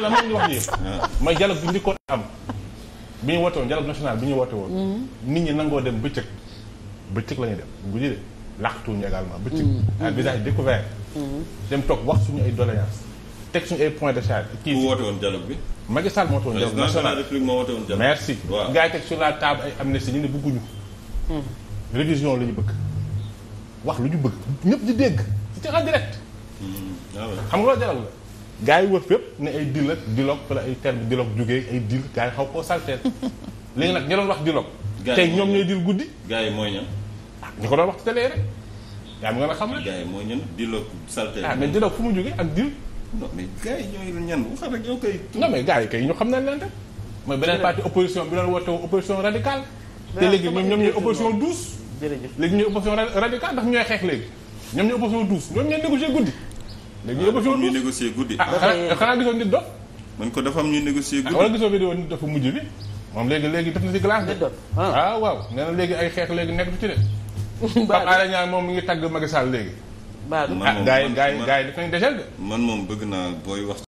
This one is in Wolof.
la moom ñu wax nii mooy dialogue bi njëkkoon am bi ñu woote woon dialogue national bi ñu woon mm-hmm. nit ñi nangoo dem bëccëg bëccëg la ñuy dem guddi de laxtuñu également bëccëg à mm-hmm. visage découvert mm-hmm. dem wax suñu ay doléance teg ay point de charge kii ku woon dialogue bi Macky Sall moo woote woon dialogue national merci gars yi teg sur la table ay amnistie ñu ne bëgguñu révision la ñu bëgg wax lu ñu bëgg ñëpp di dégg ci en direct ah xam nga loolu dialogue la gars yi wër fépp ne ay dil ak diloog wala ay terme diloog jógee ay dil gars yi xaw koo salteel léegi nag ñu doon wax diloog ñoom ñooy dil guddi gars yi mooy ñan ah ñu ko doon wax ci télé rek yaa ngi nga xam rek gars yi mooy ñan diloog salteel ah mais diloog fu mu jógee ak dil non mais gars yi ñooy ñan waxal rek yow kay non mais gars yi kay ñu xam nañ leen rek mooy beneen parti opposition bi doon woote opposition radicale te léegi ñoom ñoom ñooy opposition douce léegi ñooy opposition radicale ndax ñooy xeex léegi ñoom ñooy opposition douce ñoom ñooy négocier guddi léegi yëpp a ñu négocier guddi. ah xanaa gisoon nit dof. man ko dafa am ñuy négocier guddi. wala gisoo vidéo nit dof mujj bi moom léegi léegi def na si glace de. Ah. ah waaw nee na léegi ay xeex léegi nekk ci de. Pape Alé Niang moom mu ngi tagg Macky Sall léegi. baalu ah gars yi gars yi gars yi def man moom bëgg naa booy wax.